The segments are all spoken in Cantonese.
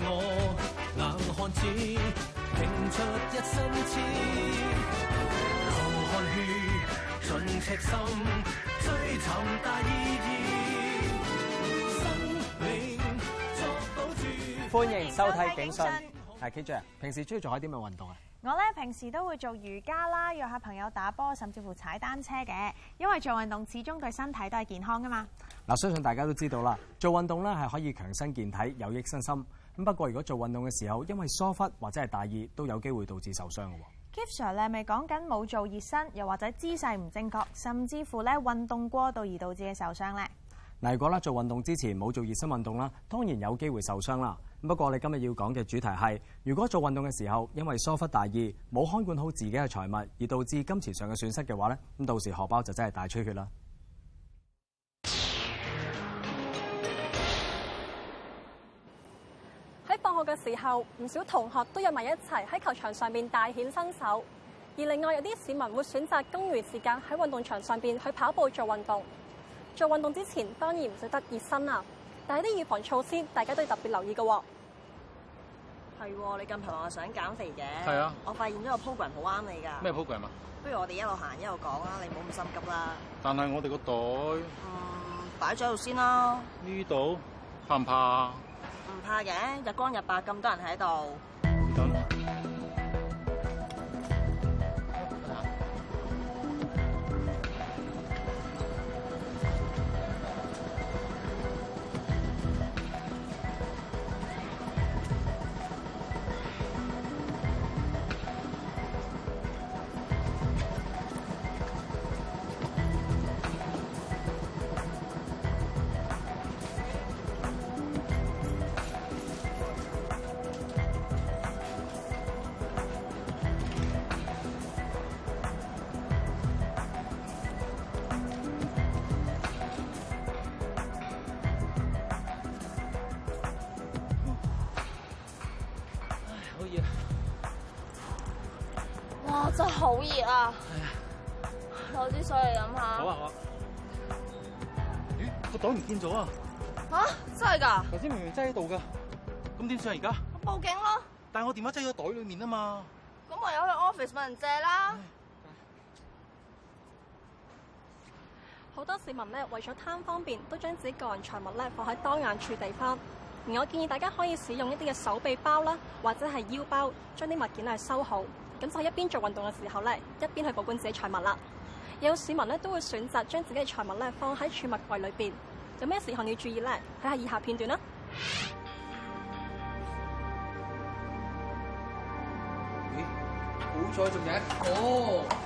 我冷汗似拼出一生切流汗血盡赤心追尋大意義生命捉到住歡迎收睇警訊係 KJ, 平時中意做一啲咩運動啊我咧平時都會做瑜伽啦約下朋友打波甚至乎踩單車嘅因為做運動始終對身體都係健康噶嘛嗱相信大家都知道啦做運動咧係可以強身健體有益身心不過如果做運動嘅時候，因為疏忽或者係大意，都有機會導致受傷嘅。Keith Sir 你咪講緊冇做熱身，又或者姿勢唔正確，甚至乎咧運動過度而導致嘅受傷咧。嗱，如果啦，做運動之前冇做熱身運動啦，當然有機會受傷啦。不過你今日要講嘅主題係，如果做運動嘅時候因為疏忽大意，冇看管好自己嘅財物，而導致金錢上嘅損失嘅話咧，咁到時荷包就真係大出血啦。嘅時候，唔少同學都約埋一齊喺球場上面大顯身手，而另外有啲市民會選擇公餘時間喺運動場上邊去跑步做運動。做運動之前，當然唔使得熱身啦，但係啲預防措施，大家都要特別留意嘅。係，你近排話想減肥嘅？係啊，我發現咗個 program 好啱你噶。咩 program 啊？不如我哋一路行一路講啦，你唔好咁心急啦。但係我哋個袋，嗯，擺咗喺度先啦。呢度怕唔怕？怕嘅，日光日白咁多人喺度。謝謝真係好熱啊！攞支、啊、水嚟飲下好，啊。好啊啊咦？個袋唔見咗啊！吓，真係噶？頭先明明真喺度噶，咁點算而家？報警咯！但係我電話真喺個袋裏面啊嘛。咁唯有去 office 問人借啦。好唉多市民咧為咗貪方便，都將自己個人財物咧放喺當眼處地方。而我建議大家可以使用一啲嘅手臂包啦，或者係腰包，將啲物件咧收好。咁就一邊做運動嘅時候咧，一邊去保管自己財物啦。有市民咧都會選擇將自己嘅財物咧放喺儲物櫃裏邊。有咩時候要注意咧？睇下以下片段啦。咦、欸？好彩仲有哦。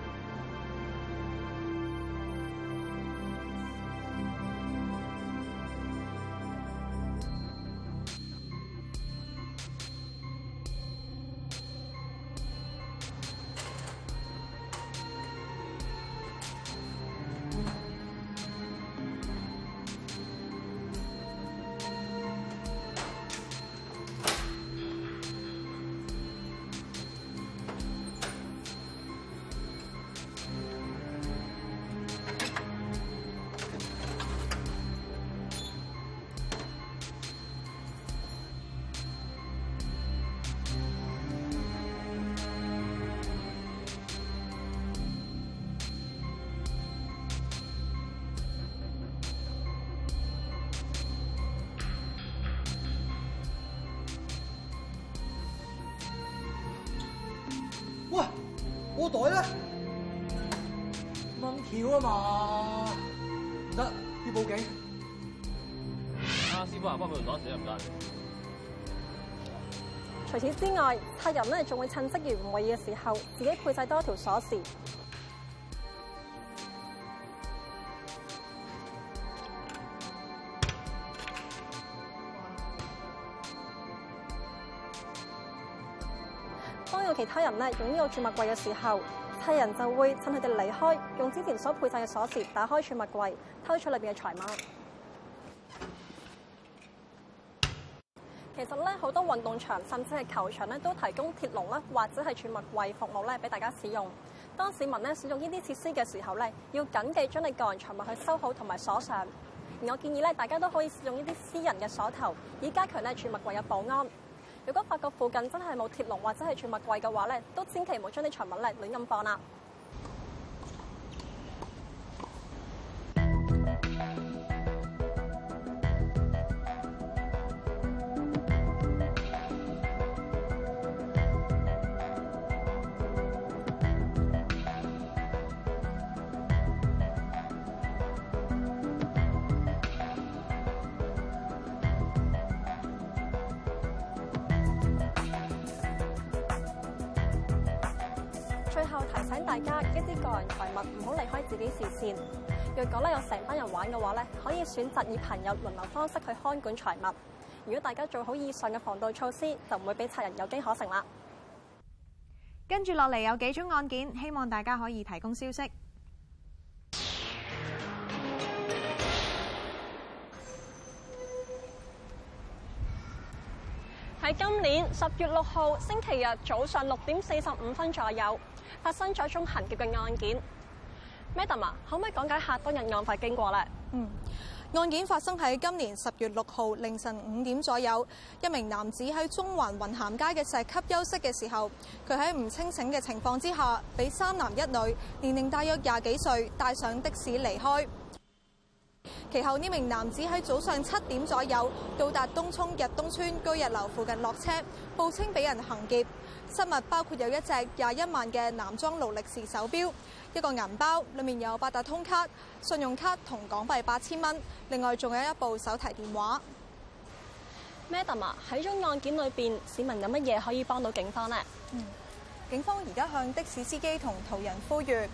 包袋咧，掹橋啊嘛，唔得，要報警。阿師傅啊，幫佢換鎖匙唔該。謝謝。除此之外，客人咧仲會趁職員唔注意嘅時候，自己配晒多條鎖匙。當有其他人咧擁有儲物櫃嘅時候，客人就會趁佢哋離開，用之前所配製嘅鎖匙打開儲物櫃，偷取裏邊嘅財物。其實咧，好多運動場甚至係球場咧，都提供鐵籠啦，或者係儲物櫃服務咧，俾大家使用。當市民咧使用呢啲設施嘅時候咧，要緊記將你個人財物去收好同埋鎖上。而我建議咧，大家都可以使用呢啲私人嘅鎖頭，以加強咧儲物櫃嘅保安。如果發覺附近真係冇鐵籠或者係儲物櫃嘅話咧，都千祈唔好將啲財物咧亂咁放啦。最後提醒大家，一啲個人財物唔好離開自己的視線。若果咧有成班人玩嘅話咧，可以選擇以朋友輪流方式去看管財物。如果大家做好以上嘅防盜措施，就唔會俾賊人有機可乘啦。跟住落嚟有幾宗案件，希望大家可以提供消息。今年十月六號星期日早上六點四十五分左右，發生咗一宗行劫嘅案件。Madam，可唔可以講解下當日案發經過呢？嗯，案件發生喺今年十月六號凌晨五點左右，一名男子喺中環雲咸街嘅石級休息嘅時候，佢喺唔清醒嘅情況之下，俾三男一女年齡大約廿幾歲帶上的士離開。其後呢名男子喺早上七點左右到達東涌日東村居日樓附近落車，報稱俾人行劫，失物包括有一隻廿一萬嘅男裝勞力士手表、一個銀包，裏面有八達通卡、信用卡同港幣八千蚊，另外仲有一部手提電話。Madam 啊？喺宗案件裏邊，市民有乜嘢可以幫到警方呢？嗯，警方而家向的士司機同途人呼籲。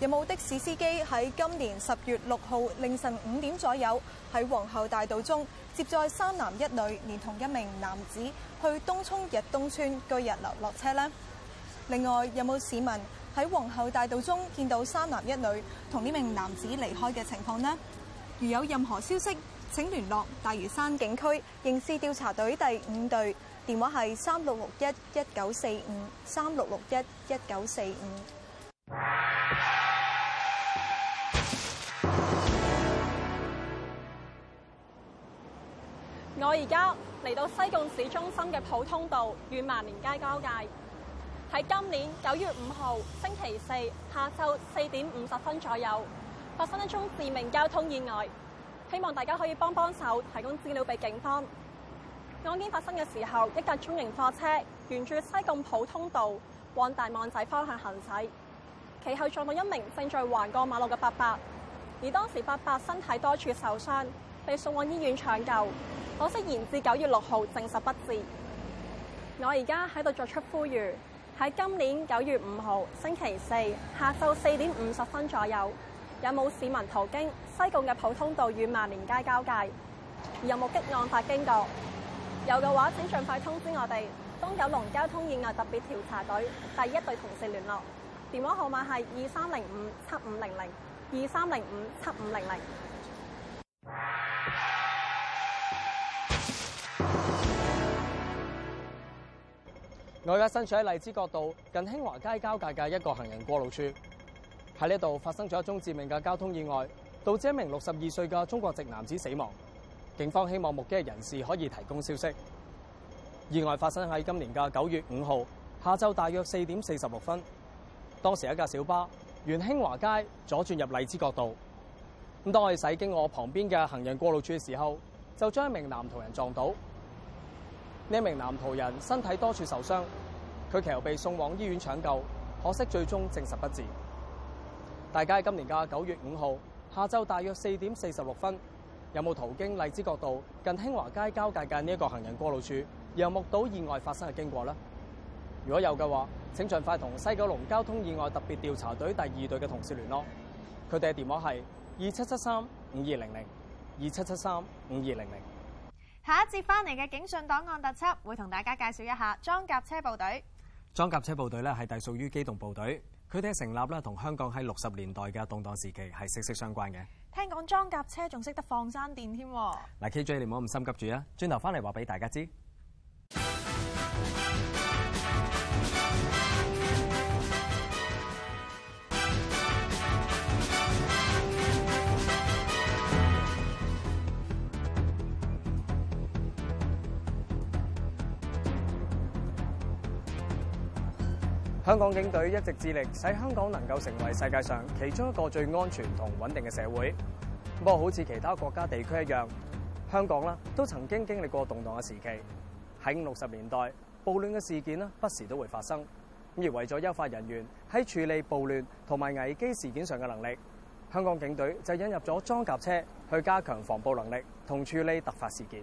有冇的士司機喺今年十月六號凌晨五點左右喺皇后大道中接載三男一女，連同一名男子去東涌逸東邨居逸樓落車呢？另外有冇市民喺皇后大道中見到三男一女同呢名男子離開嘅情況呢？如有任何消息，請聯絡大嶼山警區刑事調查隊第五隊，電話係三六六一一九四五三六六一一九四五。我而家嚟到西貢市中心嘅普通道與萬年街交界。喺今年九月五號星期四下晝四點五十分左右，發生一宗致命交通意外。希望大家可以幫幫手，提供資料俾警方。案件發生嘅時候，一架中型貨車沿住西貢普通道往大網仔方向行駛，其後撞到一名正在橫過馬路嘅伯伯，而當時伯伯身體多處受傷。被送往醫院搶救，可惜延至九月六號證實不治。我而家喺度作出呼籲，喺今年九月五號星期四下晝四點五十分左右，有冇市民途經西貢嘅普通道與萬年街交界？有目擊案發經過？有嘅話，請盡快通知我哋，東九龍交通意外特別調查隊第一隊同事聯絡，電話號碼係二三零五七五零零二三零五七五零零。我而家身處喺荔枝角道近興華街交界嘅一個行人過路處，喺呢度發生咗一宗致命嘅交通意外，導致一名六十二歲嘅中國籍男子死亡。警方希望目擊嘅人士可以提供消息。意外發生喺今年嘅九月五號下晝大約四點四十六分，當時一架小巴沿興華街左轉入荔枝角道。咁當我哋駛經我旁邊嘅行人過路處嘅時候，就將一名男途人撞到。呢名男途人身體多處受傷，佢其後被送往醫院搶救，可惜最終證實不治。大家喺今年嘅九月五號下晝大約四點四十六分，有冇途經荔枝角道近興華街交界嘅呢一個行人過路處，又目睹意外發生嘅經過呢？如果有嘅話，請盡快同西九龍交通意外特別調查隊第二隊嘅同事聯絡，佢哋嘅電話係。二七七三五二零零，二七七三五二零零。200，下一節翻嚟，嘅警訊檔案特輯，會同大家介紹一下裝甲車部隊。裝甲車部隊咧係隸屬於機動部隊，佢哋嘅成立咧同香港喺六十年代嘅動盪時期係息息相關嘅。聽講裝甲車仲識得放山電添？嗱，KJ，你唔好咁心急住啊！轉頭翻嚟話俾大家知。香港警隊一直致力使香港能夠成為世界上其中一個最安全同穩定嘅社會。不過好似其他國家地區一樣，香港呢都曾經經歷過動盪嘅時期。喺六十年代，暴亂嘅事件呢不時都會發生。而為咗優化人員喺處理暴亂同埋危機事件上嘅能力，香港警隊就引入咗裝甲車去加強防暴能力同處理突發事件。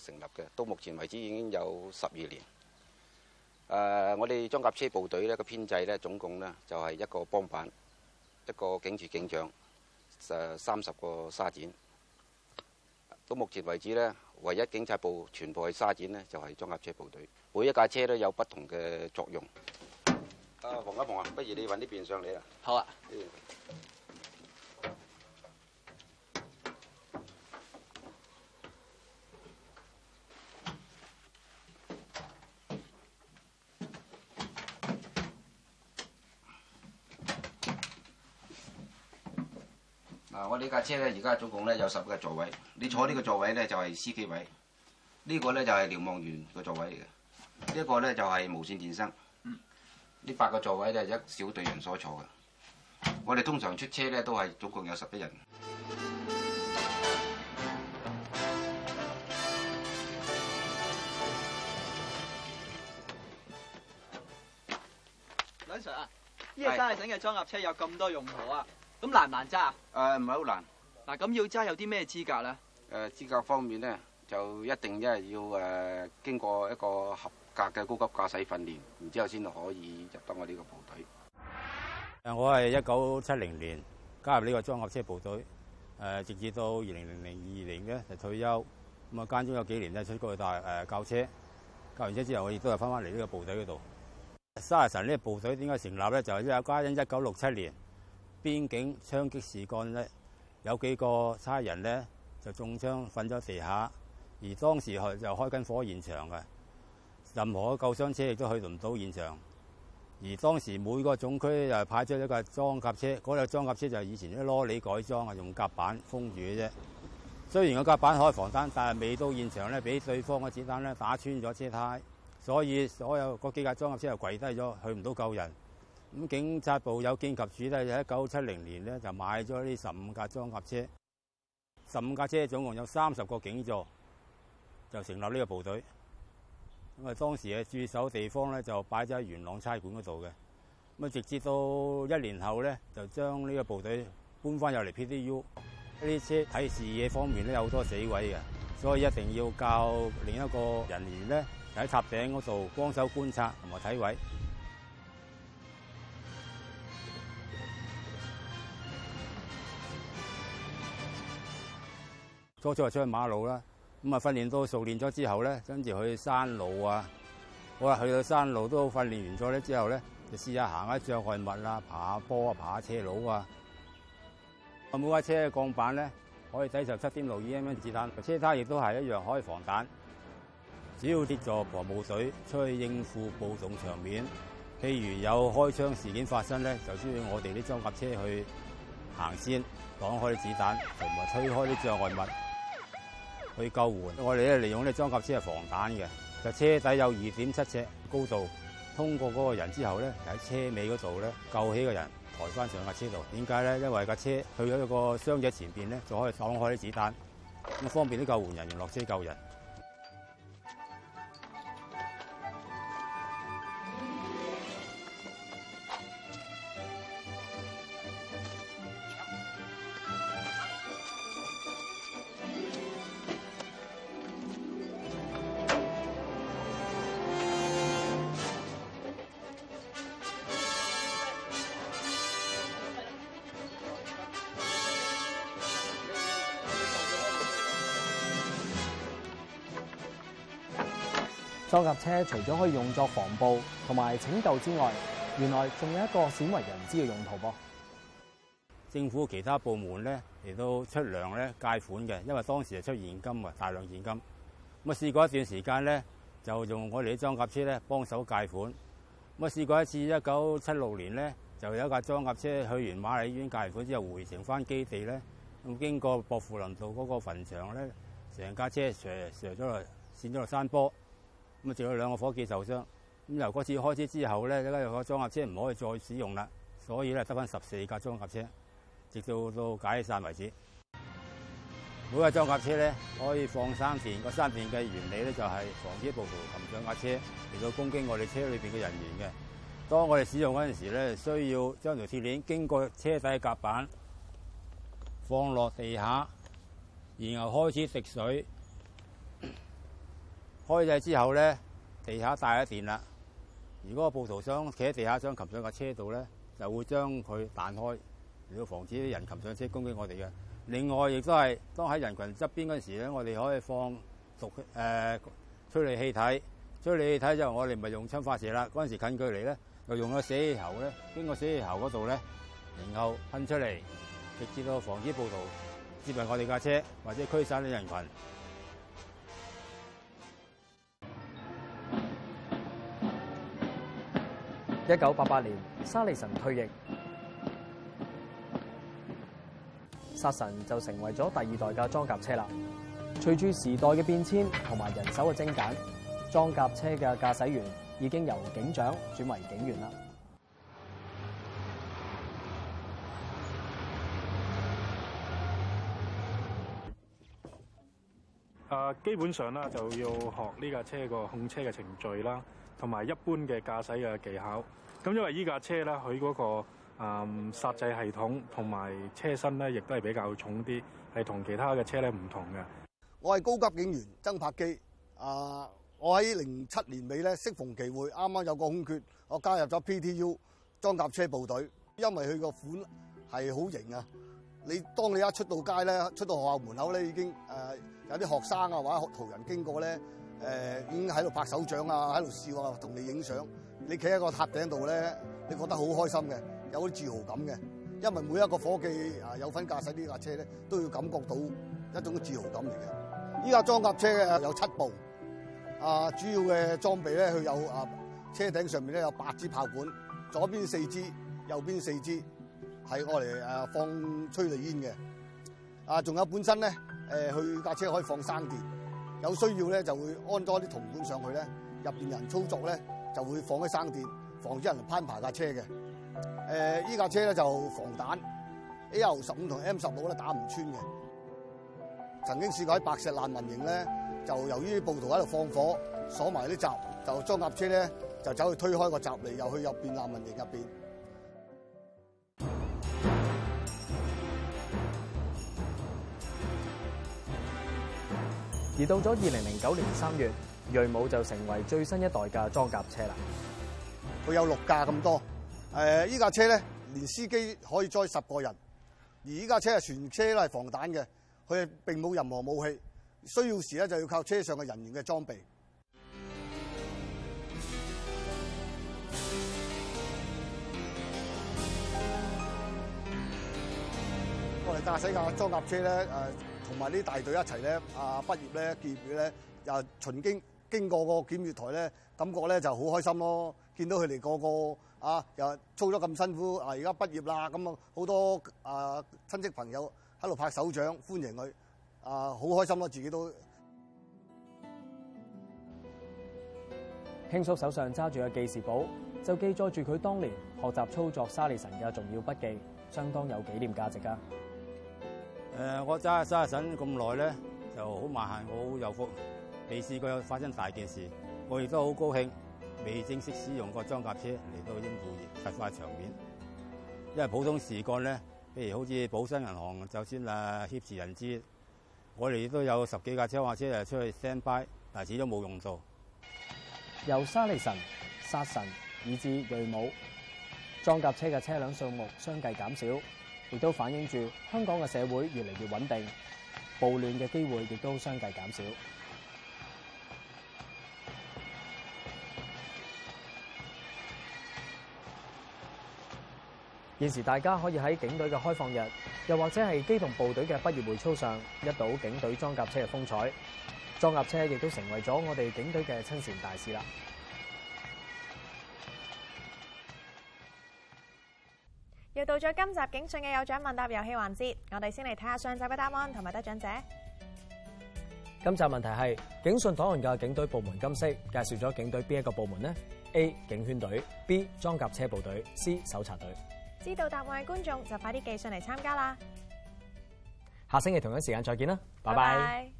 成立嘅，到目前為止已經有十二年。誒，我哋裝甲車部隊呢個編制呢，總共呢就係一個幫辦，一個警署警長，誒，三十個沙展。到目前為止呢，唯一警察部全部係沙展呢，就係裝甲車部隊。每一架車都有不同嘅作用。阿馮、啊、一馮啊，不如你揾啲邊上嚟啊！好啊。嗱，我呢架車咧，而家總共咧有十個座位。你坐呢個座位咧就係司機位，呢、這個咧就係瞭望員個座位嚟嘅，呢、這個咧就係無線電生。呢、嗯、八個座位咧係一小隊人所坐嘅。我哋通常出車咧都係總共有十一人、嗯。梁 Sir 啊，呢個三駕型嘅裝甲車有咁多用途啊！咁難唔難揸？誒、啊，唔係好難。嗱，咁要揸有啲咩資格咧？誒，資格方面咧，就一定係要誒經過一個合格嘅高級駕駛訓練，然之後先可以入到我呢個部隊。誒，我係一九七零年加入呢個裝甲車部隊，誒，直至到二零零二年咧就退休。咁啊，間中有幾年咧出過去大誒、呃、教車，教完車之後我亦都係翻翻嚟呢個部隊嗰度。沙利臣呢個部隊點解成立咧？就係因為家陣一九六七年。邊境槍擊事件咧，有幾個差人咧就中槍瞓咗地下，而當時就開緊火現場嘅，任何救傷車亦都去唔到現場。而當時每個總區又派出了一架裝甲車，嗰架裝甲車就係以前啲羅里改裝，用甲板封住嘅啫。雖然個甲板可以防彈，但係未到現場咧，俾對方嘅子彈咧打穿咗車胎，所以所有嗰幾架裝甲車又跪低咗，去唔到救人。咁警察部有見及此咧，就喺一九七零年咧就買咗呢十五架裝甲車，十五架車總共有三十個警座，就成立呢個部隊。咁啊，當時嘅駐守地方咧就擺咗喺元朗差館嗰度嘅。咁啊，直接到一年後咧，就將呢個部隊搬翻入嚟 PDU。呢啲車睇視野方面咧有好多死位嘅，所以一定要教另一個人員咧喺塔頂嗰度幫手觀察同埋睇位。初初就出去馬路啦，咁啊訓練到熟練咗之後咧，跟住去山路啊，我話去到山路都訓練完咗咧之後咧，就試下行下障礙物啊，爬下坡啊，爬下車路啊。我每架車嘅鋼板咧，可以抵受七點六二 mm 子彈，個車胎亦都係一樣可以防彈。 主要協助防暴隊出去應付暴動場面，譬如有開槍事件發生咧，就需要我哋啲裝甲車去行先擋開啲子彈，同埋吹開啲障礙物。去救援，我哋咧利用呢裝甲車係防彈嘅，就車底有二點七尺高度，通過嗰個人之後咧，喺車尾嗰度咧救起個人，抬翻上架車度。點解咧？因為架車去咗個傷者前邊咧，就可以擋開啲子彈，咁方便啲救援人員落車救人。裝甲車除咗可以用作防暴同埋拯救之外，原來仲有一個鮮為人知嘅用途噃。政府其他部門咧，亦都出糧咧，借款嘅，因為當時係出現金啊，大量現金。咁啊，試過一段時間咧，就用我哋啲裝甲車咧幫手借款。咁啊，試過一次，一九七六年咧，就有一架裝甲車去完瑪麗醫院借款之後回程翻基地咧，經過薄扶林道嗰個墳場咧，成架車斜斜咗落，跣咗落山坡。咁啊，仲有兩個夥計受傷。咁由嗰次開車之後咧，一個裝甲車唔可以再使用啦，所以咧得返十四架裝甲車，直到到解散為止。每架裝甲車咧可以放生電，個生電嘅原理咧就係防止暴徒爬上架車嚟到攻擊我哋車裏面嘅人員嘅。當我哋使用嗰陣時咧，需要將條鐵鏈經過車底嘅夾板，放落地下，然後開始食水。開掣之後咧，地下帶咗電啦。如果個暴徒想企喺地下想擒上架車度咧，就會將佢彈開，嚟到防止啲人擒上車攻擊我哋嘅。另外亦都係當喺人群側邊嗰陣時咧，我哋可以放毒誒、呃、催淚氣體。催淚氣體我哋就我哋唔係用槍發射啦，嗰陣時近距離咧，就用個死氣喉咧，經過死氣喉嗰度咧，然後噴出嚟，直接到防止暴徒接近我哋架車或者驅散啲人群。一九八八年，沙利臣退役，剎臣就成為咗第二代嘅裝甲車啦。隨住時代嘅變遷同埋人手嘅精簡，裝甲車嘅駕駛員已經由警長轉為警員啦。啊，基本上啦，就要學呢架車個控車嘅程序啦。同埋一般嘅駕駛嘅技巧，咁因為依架車咧，佢嗰個誒剎掣系統同埋車身咧，亦都係比較重啲，係同其他嘅車咧唔同嘅。我係高級警員曾柏基，啊，我喺零七年尾咧，適逢其會，啱啱有個空缺，我加入咗 PTU 裝甲車部隊，因為佢個款係好型啊！你當你一出到街咧，出到學校門口咧，已經誒有啲學生啊或者途人經過咧。誒、呃、已經喺度拍手掌啊，喺度笑啊，同你影相。你企喺個塔頂度咧，你覺得好開心嘅，有啲自豪感嘅。因為每一個夥計啊，有份駕駛呢架車咧，都要感覺到一種自豪感嚟嘅。依架裝甲車有七部，啊，主要嘅裝備咧，佢有啊，車頂上面咧有八支炮管，左邊四支，右邊四支，係用嚟誒放催淚煙嘅。啊，仲有本身咧，誒、啊，佢架車可以放生電。有需要咧就會安裝啲銅管上去咧，入面人操作咧就會放喺生電，防止人攀爬車、呃、架車嘅。呢依架車咧就防彈，A O 十五同 M 十六咧打唔穿嘅。曾經試過喺白石難民營咧，就由於暴徒喺度放火鎖埋啲閘，就裝甲車咧就走去推開個閘嚟，又去入邊難民營入邊。而到咗二零零九年三月，銳武就成為最新一代嘅裝甲車啦。佢有六架咁多，誒、呃，依架車咧，連司機可以載十個人。而依架車係全車都係防彈嘅，佢並冇任何武器，需要時咧就要靠車上嘅人員嘅裝備。我哋駕駛架裝甲車咧，誒、呃。同埋啲大隊一齊咧，啊畢業咧，檢驗咧，又巡經經過個檢閱台咧，感覺咧就好開心咯！見到佢哋個個啊又操咗咁辛苦啊，而家畢業啦咁啊，好多啊親戚朋友喺度拍手掌歡迎佢啊，好開心咯，自己都。興叔手上揸住嘅記事簿，就記載住佢當年學習操作沙利臣嘅重要筆記，相當有紀念價值㗎。誒，我揸沙利臣咁耐咧，就好慢行，好有福。未試過有發生大件事。我亦都好高興，未正式使用過裝甲車嚟到應付突化場面。因為普通事故咧，譬如好似寶生銀行，就算誒挾持人質，我哋亦都有十幾架車、架車出去 stand by，但係始終冇用到。由沙利臣、剎臣以至瑞武，裝甲車嘅車輛數目相繼減少。亦都反映住香港嘅社會越嚟越穩定，暴亂嘅機會亦都相繼減少。現時大家可以喺警隊嘅開放日，又或者係機動部隊嘅畢業會操上一睹警隊裝甲車嘅風采。裝甲車亦都成為咗我哋警隊嘅親善大使啦。到咗今集警訊嘅有獎問答遊戲環節，我哋先嚟睇下上集嘅答案同埋得獎者。今集問題係警訊檔案嘅警隊部門今昔介紹咗警隊邊一個部門呢？A 警犬隊，B 裝甲車部隊，C 搜查隊。知道答案嘅觀眾就快啲寄信嚟參加啦！下星期同樣時間再見啦，拜拜。Bye bye